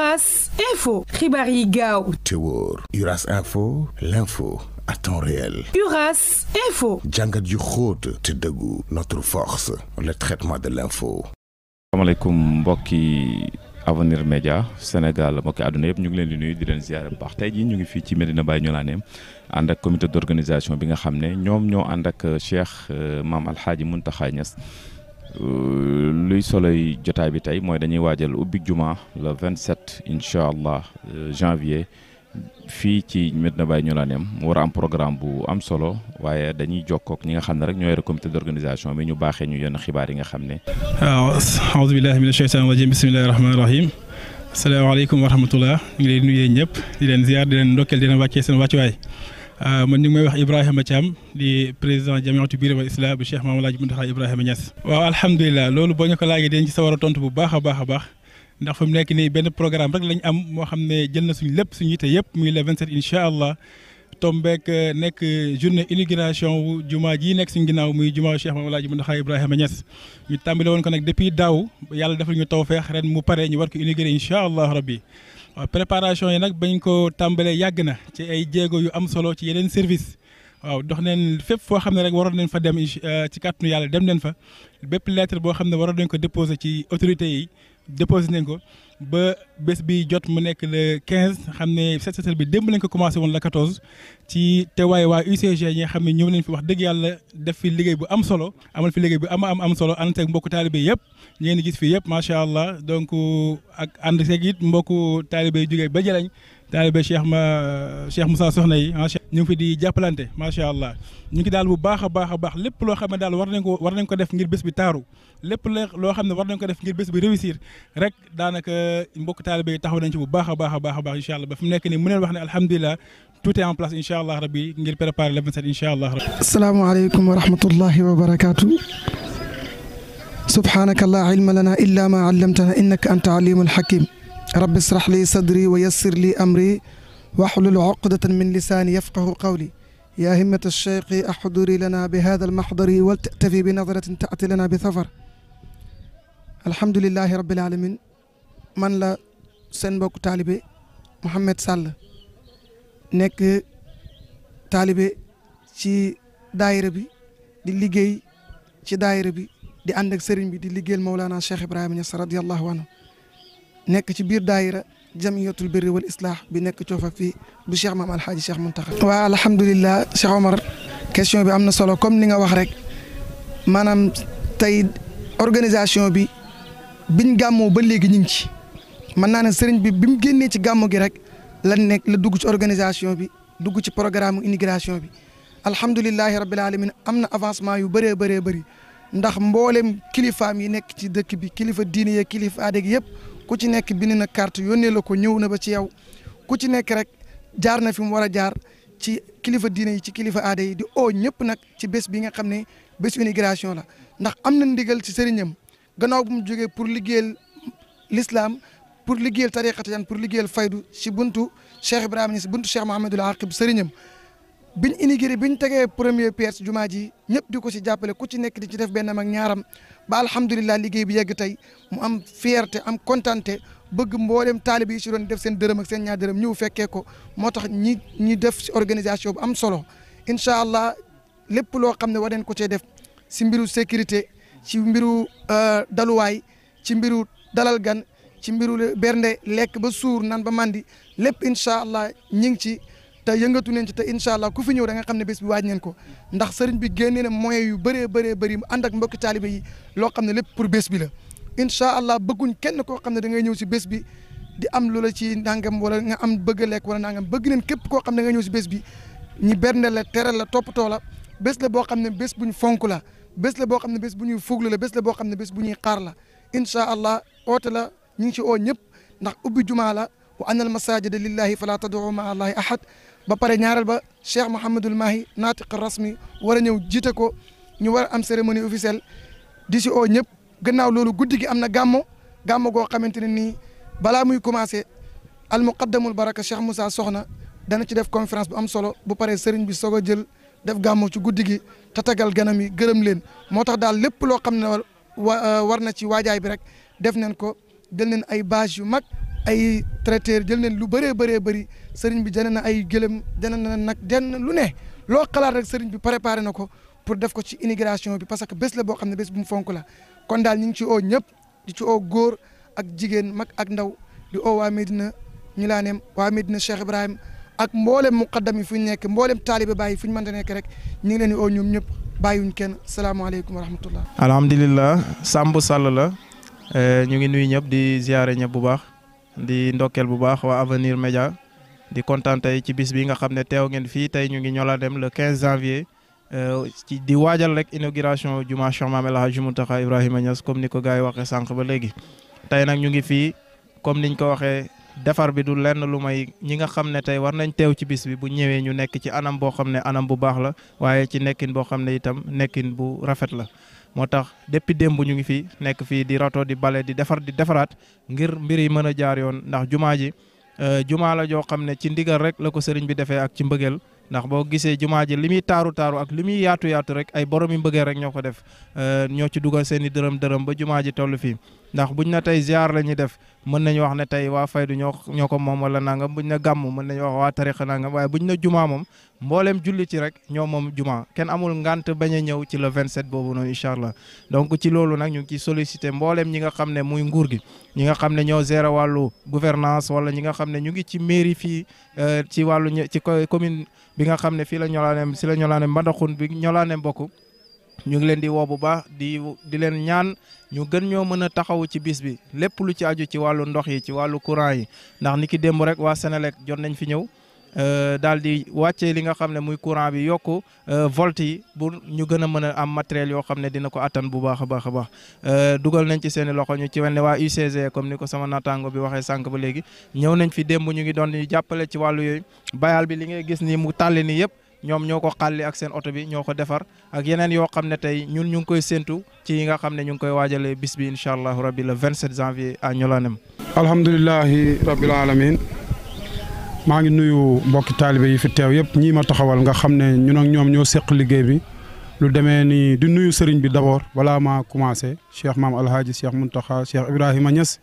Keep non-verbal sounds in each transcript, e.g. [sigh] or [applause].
Uras Info. Ribari Gao. Tewor. Uras Info. L'info à temps réel. Uras Info. Django du te tedagu Notre force. Le traitement de l'info. asalaamaaleykum mbokki avenir Media, Sénégal mbokki àdduna yëpp ñu ngi leen di nuyu di leen ziare baax tey jii ñu ngi fii ci Medina Baye ak comité d'organisation bi nga xam ne ñoom ñoo ànd ak Cheikh euh, Maam luy soloy jotaay bi tey mooy dañuy waajal ubbi juma le 27 incha allah janvier fii ci Medina Baye Ñulaneem mu war a am programme bu am solo waaye dañuy jokkook ñi nga xam ne rek ñooy comité d'organisation bi ñu baaxee ñu yenn xibaar yi nga xam ne aouzu billahi mina sheytaani rajim bismillahi rahmaani rahim asalaamaaleykum wa rahmatullah ñu ngi leen nuyee ñëpp di leen ziar di leen ndokkeel di leen wàccee seen wàccuwaay Euh, man ñu ngi may wax Ibrahima Thiam di président jamiatu biirama islam bi Cheikh Mamadou Laaj Muntaxa Ibrahima Niass. waaw alhamdulilah loolu boo ñu ko laajee dañ ci sawar a tontu bu baax a baax a baax ndax fi mu nekk nii benn programme rek lañ am moo xam ne jël na suñ lépp suñu yite yëpp muy le 27 incha allah. tombeek euh, nekk journée inauguration wu jumaa ji nekk suñ ginnaaw muy jumaa Cheikh Mamadou Laaji Muntaxa Ibrahima Niass ñu tàmbale woon ko nag depuis daaw yàlla defal ñu tawfeex ren mu pare ñu war ko inauguré incha allah rabbi waaw préparation yi nag bañ ko tàmbalee yàgg na ci ay jéego yu am solo ci yeneen service waaw dox neen fépp foo xam ne rek waroon nañ fa dem euh, ci kàttanu yàlla dem neen fa bépp lettre boo xam ne waroon nañ ko déposé ci autorités yi déposer nañ ko ba bés bi jot mu nekk le 15 xam ne set setal bi démb lañ ko commencé woon la 14 ci teewaay waa UCG ñi xam ne ñëw nañ fi wax dëgg yàlla def fi liggéey bu am solo amal fi liggéey bu am am am solo ànd seeg mbokku taalibe yëpp ñu ngeen gis fii yëpp macha allah donc ak ànd seeg it mbokku taalibe yi jógee ba jëlañ taalibe Cheikh ma Cheikh Moussa Soxna yi ah, ñu ngi fi di jàppalante macha allah ñu ngi daal bu baax a baax a baax lépp loo xam ne daal war nañ ko war nañ ko def ngir bés bi taaru lépp loo xam ne war nañ ko def ngir bés bi réussir rek daanaka mbokk taalibe yi taxaw nañ ci bu baax a baax a baax a baax incha allah ba fi mu nekk nii mu neen wax ne alhamdulilah tout est en place incha allah rabbi ngir préparer le 27 incha allah. asalaamaaleykum wa rahmatullahi wa barakaatu. subhaanaka laa ilma lanaa illaa maa allamtanaa innaka anta aliimul hakiim رب اشرح لي صدري ويسر لي أمري واحلل عقدة من لساني يفقه قولي يا همة الشيخ أحضري لنا بهذا المحضر ولتأتفي بنظرة تأتي لنا بثفر الحمد لله رب العالمين من لا سنبوك طالبي محمد صلى نك طالبي شي دائرة بي دي لجي شي دائرة بي دي عندك سرين بي دي لجي المولانا الشيخ إبراهيم رضي الله عنه nekk ci biir daayira jamiyatul birri wal islah bi nekk coofa fii bu Cheikh Maam Alxaaji Cheikh Muntaxa waaw alhamdulilah Cheikh Omar question bi am na solo comme ni nga wax rek maanaam tey organisation bi biñ gàmmoo ba léegi ñu ngi ci mën naa ne sëriñ bi bi mu génnee ci gàmmu gi rek la nekk la dugg ci organisation bi dugg ci programme immigration bi alhamdulilahi rabbil alamin am na avancement yu bëree bëree bëri ndax mboolem kilifaam yi nekk ci dëkk bi kilifa diine ya kilifa aadeg yëpp ku ci nekk bind na carte yónnee la ko ñëw na ba ci yow ku ci nekk rek jaar na fi mu war a jaar ci kilifa diine yi ci kilifa aada yi di oo ñëpp nag ci bés bi nga xam ne bés immigration la ndax am na ndigal ci sëriñam gannaaw bu mu jógee pour liggéeyal l'islam pour liggéeyal tariqa tijaan pour liggéeyal faydu si buntu Cheikh Ibrahima si buntu Cheikh Mouhamadul Aqib sëriñam biñ inauguré biñ tegee premier pierre si jumaa ji ñëpp di ko si jàppale ku ci nekk di ci def benn mag ñaaram ba alhamdulilah liggéey bi yegg tey mu am fierté am kontante bëgg mboolem taalib yi si doon def seen dërëm ak seen ñaar dërëm ñëw fekkee ko moo tax ñi ñi def si organisation bu am solo incha allah lépp loo xam ne war ko cee def si mbiru sécurité si mbiru euh, daluwaay ci mbiru dalal gan ci mbiru bernde lekk ba suur nan ba mandi lépp incha allah ñi ngi ci. te yëngatu neen ci te incha allah ku fi ñëw da nga xam ne bés bi waaj neen ko ndax sëriñ bi génnee na moyens yu bëree bëree bëri mu ànd ak mbokki taalibe yi loo xam ne lépp pour bés bi la incha allah bëgguñ kenn koo xam ne da ngay ñëw si bés bi di am lu la ci nangam wala nga am bëgg lekk wala nangam bëgg neen képp koo xam ne da ngay ñëw si bés bi ñu bernde la teral la toppatoo la bés la boo xam ne bés bu ñu fonk la bés la boo xam ne bés bu ñuy fuglu la bés la boo xam ne bés bu ñuy xaar la incha allah oote la ñu ngi ci oo ñëpp ndax ubbi jumaa la wa anal masajida lillahi fala tad'u ma allahi ahad ba pare ñaareel ba Cheikh Mouhamadul Mahi naatiq rasmi war a ñëw jiite ko ñu war a am cérémonie officielle di si o ñëpp gannaaw loolu guddi gi am na gàmmo gàmmo goo xamante ne ni balaa muy commencé al muqaddamul baraka Cheikh Moussa Soxna dana ci def conférence bu am solo bu paree sëriñ bi soog a jël def gàmmo ci guddi gi tatagal ganam yi gërëm leen moo tax daal lépp loo xam ne war euh, na ci waajaay bi rek def nañ ko jël nañ ay bâche yu mag ay traiteur jël nañ lu bëree bëree bëri sëriñ bi jënd na ay gëléem jënd na nag den lu ne loo xalaat rek sëriñ bi préparé na ko pour def ko ci inigration bi parce que bés la boo xam ne bés bu mu fonk la kon daal ñu ngi ci oo ñëpp di ci oo góor ak jigéen mag ak ndaw di oo waa ñu laa neem waa Medina Cheikh Ibrahim ak mboolem muqaddam yi fu ñu nekk mboolem taalibe bàyyi fu ñu nekk rek ñu ngi leen di oo ñoom ñëpp bàyyiwuñ kenn salaamaaleykum wa rahmatullah. alhamdulilah Samb Sall la eh, ñu ngi nuyu ñëpp di ziare ñëpp bu baax di ndokkeel bu baax waa Avenir Média. di kontaan tey ci bis bi nga xam ne teew ngeen fii tey ñu ngi ñola dem le 15 janvier euh, ci di waajal rek inauguration juma Cheikh Mame El Hadji Mountakha Ibrahima Niass comme ni ko gars yi waxee sànq ba léegi. tey nag ñu ngi fii comme niñ ko waxee defar bi du lenn lu may ñi nga xam ne tey war nañ teew ci bis bi bu ñëwee ñu nekk ci anam boo xam ne anam bu baax la waaye ci nekkin boo xam ne itam nekkin bu rafet la. moo tax depuis démb ñu ngi fi nekk fii di rato di bale di defar di defaraat ngir mbir yi mën a jaar yoon ndax jumaa ji. Euh, jumaa la joo xam ne ci ndigal rek la ko sëriñ bi defee ak ci mbëggeel ndax boo gisee jumaa ji li muy taaru taaru ak li muy yaatu yaatu rek ay borom yu mbëggeel rek ñoo ko def euh, ñoo ci dugal seen i dërëm dërëm ba jumaa ji toll fii ndax buñ na tey ziar la ñuy def mën nañu wax ne tey waa faydu ñoo ñoo ko moom wala nangam buñ na gàmm mën nañu wax waa tariqa nangam waaye buñ na jumaa moom mbooleem julli ci rek ñoo moom jumaa kenn amul ngant bañ a ñëw ci la le 27 boobu noonu incha allah donc ci loolu nag ñu ngi ciy sollicité mbooleem ñi nga xam ne muy nguur gi ñi nga xam ne ñoo gérer wàllu gouvernance wala ñi nga xam ne ñu ngi ci mairie fii euh, ci wàllu ci commune bi nga xam ne fii la ñolaaneem si la ñolaaneem mbandaxun bi ñolaaneem bokk ñu ngi leen di woo bu baax di di leen ñaan ñu gën ñoo mën a taxawu ci bis bi lépp lu ci aju ci wàllu ndox yi ci wàllu courant yi ndax ni ki démb rek waa Sénélec jot nañ fi ñëw euh, daal di wàccee li nga xam ne muy courant bi yokku euh, volte yi bu ñu gën a mën a am matériel yoo xam ne dina ko attan bu baax a baax a baax euh, dugal nañ ci seen i loxo ñu ci wel ne waa UCG comme ni ko sama naataango bi waxee sànq ba léegi ñëw nañ fi démb ñu ngi doon jàppale ci wàllu yooyu bayal bi li ngay gis ni mu tàlli ni yëpp ñom ñoko xàlli ak seen auto bi ñoko defar ak yenen yo xamné tay ñun ñu ngi koy sentu ci nga xamné ñu ngi koy wajalé bis bi inshallah rabbi le 27 janvier à Ñolanem. alhamdullilah rabbil alamin ma ngi nuyu mbokki talibé yi fi tew yëpp ñi ma taxawal nga xamné ñun ak ñom ñoo sékk liggéey bi lu démé ni di nuyu sëriñ bi d'abord wala ma commencé cheikh mam alhaaji cheikh muntaha cheikh Ibrahima Niass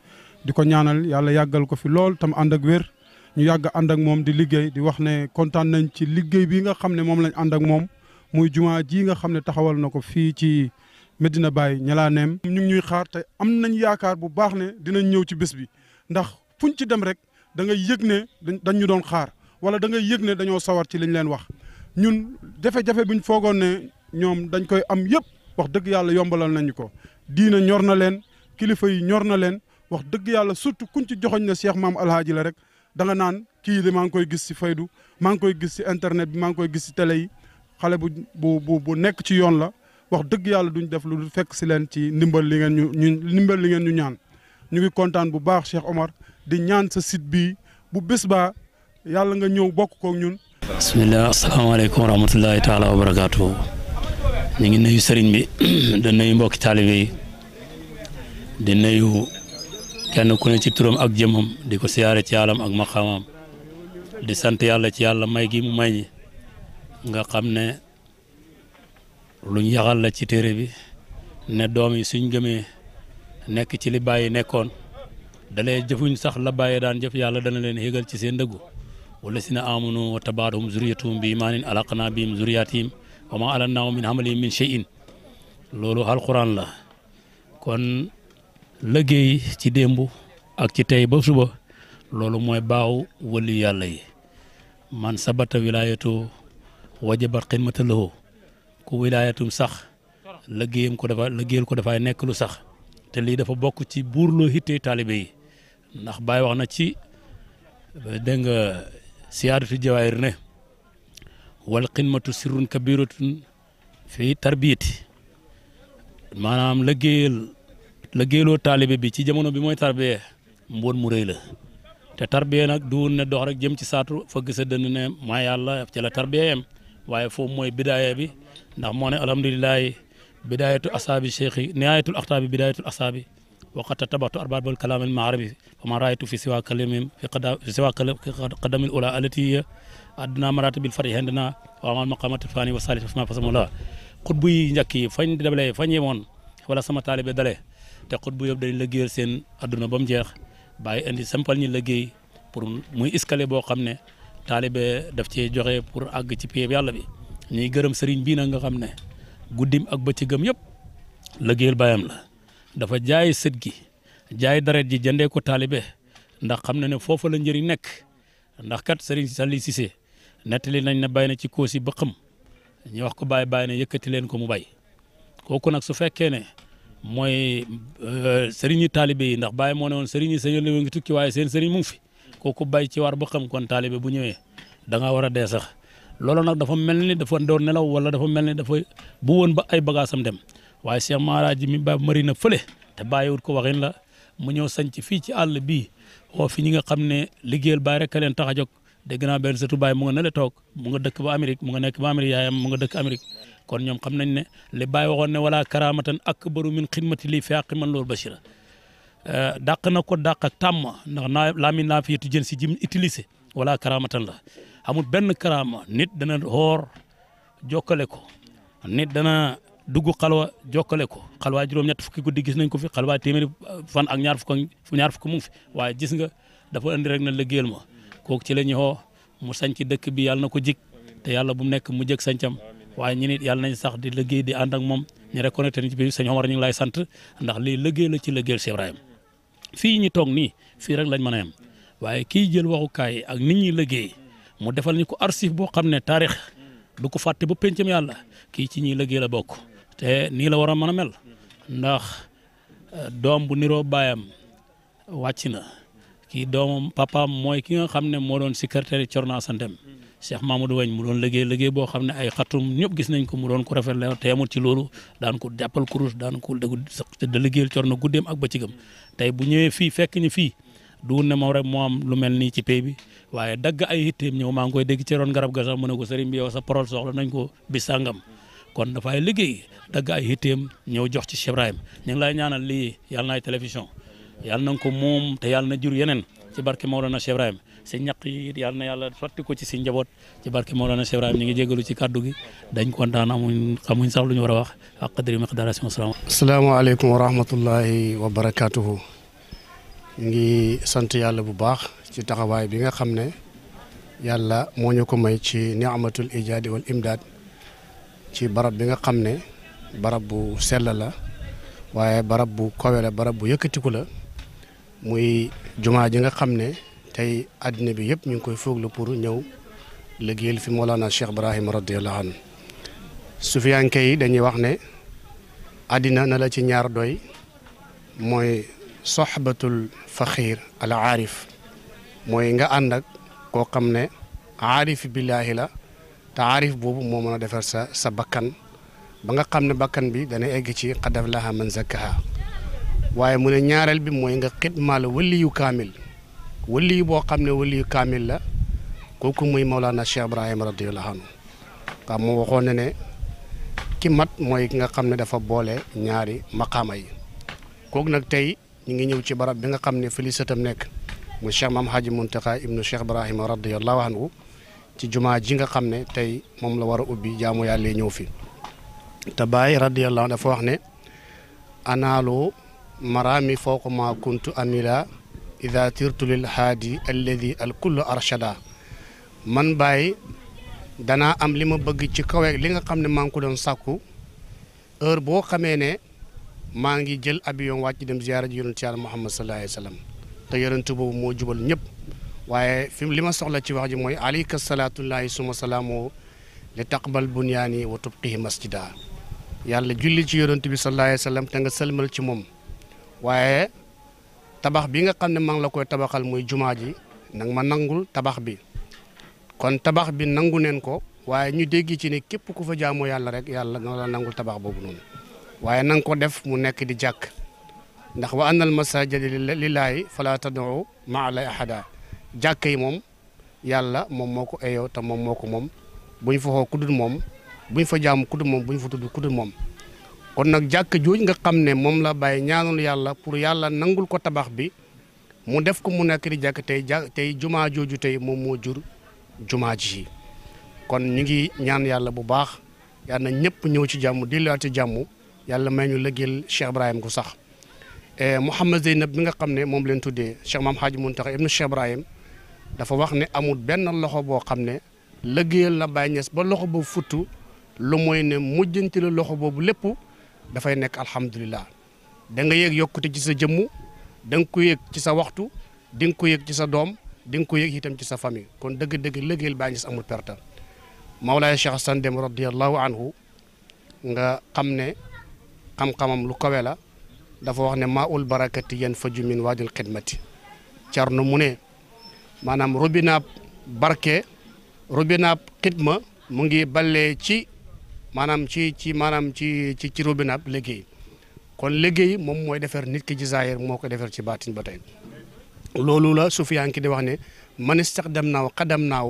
diko ñaanal yàlla yagal ko fi lool tam ànd ak wér. ñu yàgg ànd ak moom di liggéey di wax ne kontaan nañ ci liggéey bi nga xam ne moom lañ ànd ak moom muy jumaa ji nga xam ne taxawal na ko fii ci Medina Baye Ñalaaneem ñu ñuy xaar te am nañ yaakaar bu baax ne dinañ ñëw ci bés bi ndax fuñ ci dem rek da ngay yëg ne dañ ñu doon xaar wala da ngay yëg ne dañoo sawar ci liñ leen wax ñun jafe-jafe biñ foogoon ne ñoom dañ koy am yëpp wax dëgg yàlla yombalal nañu ko diina ñor na leen kilifa yi ñor na leen wax dëgg yàlla surtout kuñ ci joxoñ ne Cheikh Maam Alhaaji la rek da naan kii de maa ngi koy gis ci faydu maa ngi koy gis ci internet bi maa koy gis si télé yi xale bu bu nekk ci yoon la wax dëgg yàlla duñ def lu fekk si leen ci ndimbal li ngeen ñu ñaan ñu ngi kontaan bu baax Cheikh Omar di ñaan sa site bii bu bés baa yàlla nga ñëw bokk kook ñun. bisimilah asalaamaaleykum wa rahmatullahi taala wa barakaatu. ñu ngi nuyu sëriñ bi [clears throat] di nuyu mbokki taalibe yi di nuyu kenn ku ne ci turam ak jëmmam di ko siyaare ci yàllam ak maqaamam di sant yàlla ci yàlla may gi mu may ñi nga xam ne luñ yaxal la ci téere bi ne doom yi suñ gëmee nekk ci li bàyyi nekkoon dalee jëfuñ sax la bàyyi daan jëf yàlla dana leen yëgal ci seen dëggu wala si na amunu wa tabaatuhum zuriyatuhum bi imaanin alaqna bihim zuriyatihim wa ma alannaahum min amalihim min shay'in loolu alquran la kon liggéey ci démb ak ci tey ba suba loolu mooy baaw wëli yàlla yi man sabata wilaayatu wajabat xidmata lahu ku wilaayatum sax liggéeyam ko dafa liggéeyal ko dafay nekk lu sax te lii dafa bokk ci buur loo hittee taalibe yi ndax Baay wax na ci dégg nga siyaadatu jawaayir ne wal xidmatu sirrun kabiratun fii tarbiyati maanaam liggéeyal la géeloo taalibe bi ci jamono bi mooy tarbiyee mboon mu rëy la te tarbiyee nag duun ne dox rek jëm ci saatu fëgg sa dënn ne maa yàlla ci la tarbiyee yem waaye foofu mooy bidaaya bi ndax moo ne alhamdulilahi bidaayatul asaabi cheikhi nihayatul axtaabi bidaayatul asaabi waqat tabaxtu arbaabal kalaamil maarabi fama raaytu fi siwa kalimim fi siwa qadamil ula alati adduna marata bil fari hendina wamal maqamatil faani wa salif fama fasamula xutbu yi njëkk yi fañ dabalee fañ yemoon wala sama taalibe dalee te xut bu yëpp day liggéeyal seen adduna ba mu jeex baay indi sampal ñi liggéey pour muy iskale boo xam ne taalibe daf cee joxe pour àgg ci pie yàlla bi ñuy gërëm sëriñ bii nag nga xam ne guddim ak bëccëgam yëpp liggéeyal bayam la dafa jaay sët gi jaay daret ji jëndee ko taalibe ndax xam na ne foofu la njëriñ nekk ndax kat sëriñ Sali Cissé nettali nañ ne bàyyi na ci koosi ba xam ñu wax ko bàyyi bàyyi ne yëkkati leen ko mu bay kooku nag su fekkee ne mooy euh, sëriñi taalibe yi ndax bàyyi moo ne woon sëriñ yi sa yónni wu ngi tukki waaye seen sëriñ mu ngi fi kooku bay ci war ba xam kon taalibe bu ñëwee da war a dee sax loolu nag dafa mel ni dafa doon nelaw wala dafa mel ni dafa bu woon ba ay bagaasam dem waaye Cheikh Maaraji mi ba mari na fële te bàyyiwut ko waxin la mu ñëw sanc fii ci àll bii woo fi ñi nga xam ne liggéeyal baay rek a leen tax a jóg dégg naa benn sëtu baay mu nga ne toog mu nga dëkk ba Amérique mu nga nekk ba Amérique yaayam mu nga dëkk Amérique kon ñoom xam nañ ne li Baye waxoon ne wala karamatan akbaru min xidmati li fiaqi man loolu bashira euh, dàq na ko dàq ak tàmm ndax naa laamin naa si jim utilisé wala karamatan la amul benn karama nit dana xoor jokkale ko nit dana dugg xalwa jokkale ko xalwaa juróom-ñett fukki guddi gis nañ ko fi xalwaa téeméeri fan ak ñaar fukk ñaar fi waaye gis nga dafa andi rek na liggéeyal ma kooku ci la ñu mu sanc dëkk bi yàlla na ko jik te yàlla bu mu nekk mu waaye ñu nit yàlla nañ sax di liggéey di ànd moom ñu reconnecté ni ci biir sëñ Omar ñu lay sant ndax lii liggéey la ci liggéeyal Cheikh Ibrahima fii ñu toog nii fii rek lañ mën a yem waaye kii jël waxukaay ak nit ñi liggéey mu defal ñu ko archive boo xam ne taarix du ko fàtte ba pencam yàlla kii ci ñiy liggéey la bokk te nii la war a mën a mel euh, doom bu niroo baayam wàcc na kii doomam papaam mooy ki nga xam ne moo doon secrétaire Corna Santem Cheikh Mamadou Wagne mu doon liggéey liggéey boo xam ne ay xatum ñëpp gis nañ ko mu doon ko rafet la teemut ci loolu daan ko jàppal kurus daan ko dagg ay itteem maa ngi koy dégg ci ron garab ga sax ko sëriñ bi yow sa parole soxla nañ ko bis sàngam kon dafay liggéey dagg ay itteem ñëw jox ci Cheikh Ibrahim lay ñaanal lii yàlla na ay yal yàlla na ko moom te yàlla na jur yeneen ci barke Mawlana Cheikh Ibrahim si ñaq yi yal na yàlla sotti ko ci si njaboot ci barke Mawlana Cheikh Ibrahim ñu ngi jégalu ci kàddu gi dañ kontaan amuñ xamuñ sax lu ñu war a wax ak qadri miqdaration salaam asalaamaaleykum wa rahmatullahi wa barakaatuhu ñu ngi sant yàlla bu baax ci taxawaay bi nga xam ne yàlla moo ñu ko may ci ni'matul ijaadi wal imdaad ci barab bi nga xam ne barab bu sell la waaye barab bu kawe barab bu yëkkatiku la muy jumaa ji nga xam ne tey àddina bi yëpp ñu ngi koy fooglu pour ñëw liggéeyal fi Mawlana Cheikh Ibrahim radiyallahu anhu sufiyanke yi dañuy wax ne àddina na la ci ñaar doy mooy soxbatul faqiir al aarif mooy nga ànd ak koo xam ne aarif billaahi la te aarif boobu moo mën a defar sa sa bakkan ba nga xam ne bakkan bi dana egg ci xadaf laha man zakkaha waaye mu ne ñaareel bi mooy nga xidmaal waliyu kaamil waliyu boo xam ne waliyu kaamil la kooku muy Mawlana Cheikh Ibrahima radiyallahu anhu waaw mu waxoon ne ne ki mat mooy ki nga xam ne dafa boole ñaari maqaama yi kooku nag tey ñu ngi ñëw ci barab bi nga xam ne fii nekk mu Cheikh Maam Haji Muntaqa ibnu Cheikh Ibrahima radiyallahu anhu ci jumaa ji nga xam ne tey moom la war a ubbi jaamu yàlla ñëw fi te Baay radiyallahu dafa wax ne anaalu maraami foo ko maa kuntu amila إذا ترت للحادي الذي الكل أرشدا man Baye danaa am li ma bëgg ci kawe li nga xam ne maa ngi ko doon sàkku heure boo xamee ne maa ngi jël avion wàcc dem ziyaara ji yonent yàlla Muhammad sallallahu alayhi wa sallam te yonent boobu moo jubal ñëpp waaye fi soxla ci wax ji mooy alayka salaatullahi suma salaamu li taqbal bunyaani wa tubqihi masjida yàlla julli ci yonent bi sallallahu alayhi wa te nga sëlmal ci moom waaye tabax bi nga xam ne maa ngi la koy tabaxal muy jumaa ji nag ma nangul tabax bi kon tabax bi nangu neen ko waaye ñu dégg ci ne képp ku fa jaamoo yàlla rek yàlla na la nangul tabax boobu noonu waaye nanga ko def mu nekk di jàkk ndax wa annal masajida lillaahi fala tad'u ma'a llaahi ahada jàkk yi moom yàlla moom moo ko eyoo te moom moo ko moom bu ñu fa xoo ku moom bu ñu fa jaamu ku moom bu ñu fa tudd ku moom kon nag jàkk jooju nga xam ne moom la bàyyi ñaanul yàlla pour yàlla nangul ko tabax bi mu def ko mu nekk di jàkk tey ja tey jumaa jooju tey moom moo jur jumaa ji kon ñu ngi ñaan yàlla bu baax yàlla na ñëpp ñëw ci jàmm delluwaat ci jàmm yàlla may ñu lëggeel Cheikh Ibrahim gu sax eh, Mouhamed Zeynab bi nga xam ne moom leen tuddee Cheikh Maam Hadj Mountakha ibnu Cheikh Ibrahim dafa wax ne amul benn loxo boo xam ne lëggeel la Baye Niass ba loxo boobu futtu lu mooy ne mujjanti loxo boobu lépp dafay nekk alhamdulilah da nga yëg yokkute ci sa jëmm da ko yëg ci sa waxtu di ko yëg ci sa doom di ko yëg itam ci sa famille kon dëgg-dëgg liggéeyal baa ngi amul perte Mawlaay Cheikh Assane Deme radiyallahu anhu nga xam ne xam-xamam lu kawe la dafa wax ne maa ul barakati yan faju min waadil xidmati carno mu ne maanaam robinaab barke robinaab xidma mu ngi ballee ci maanaam ci ci maanaam ci ci ci robinet ab liggéey kon liggéey moom mooy defar nit ki ci zaahir moo ko defar ci baatin ba tey loolu la suuf sufiyanki di wax ne man istaqdam naaw xadam naaw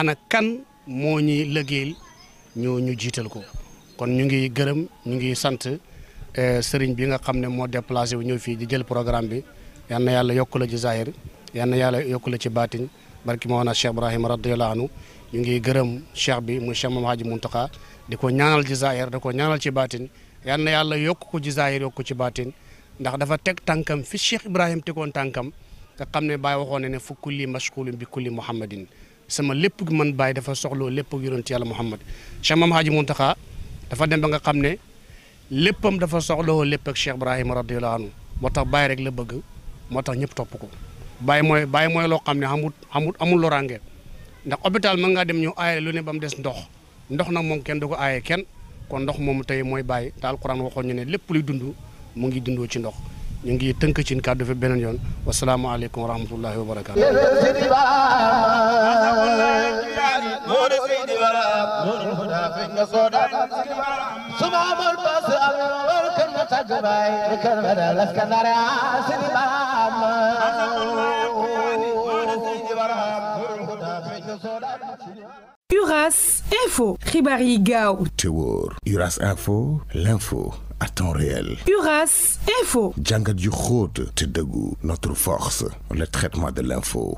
ana kan moo ñuy liggéeyal ñu ñu jiital ko kon ñu ngi gërëm ñu ngi sant e, sëriñ bi nga xam ne moo déplacé wu ñëw fii di jël programme bi yal na yàlla yokk la ci zaahir na yàlla yokk la ci baatin barki moo na Cheikh Ibrahima radiyallahu anhu ñu ngi gërëm cheikh bi mu cheikh Mamadou Hadji Mountakha di ko ñaanal ci zaahir di ko ñaanal ci baatin yal na yàlla yokk ko ci zaahir yokk ko ci baatin ndax dafa teg tànkam fi Cheikh Ibrahim tegoon tànkam nga xam ne Baye waxoon na ne fu kulli mashkulun bi kulli muhammadin sama lépp gi man Baye dafa soxloo lépp yonent yàlla muhammad Cheikh Maam Haaji Muntaxa dafa dem ba nga xam ne léppam dafa soxloo lépp ak Cheikh Ibrahim radiyallahu anhu moo tax bàyyi rek la bëgg moo tax ñëpp topp ko Baye mooy Baye mooy loo xam ne amul amul amul loraange ndax hôpital mën ngaa dem ñu aaye lu ne ba mu des ndox ndox nag moom kenn du ko aaye kenn kon ndox moomu tey mooy bàyyi te alquran waxoon ñu ne lépp luy dund mu ngi dundoo ci ndox ñu ngi tënk ci kàddu fi beneen yoon wasalaamaaleykum wa rahmatullahi wa Info, Ribari Gao. Tewor, Uras Info, l'info à temps réel. Uras Info. Django du te notre force, le traitement de l'info.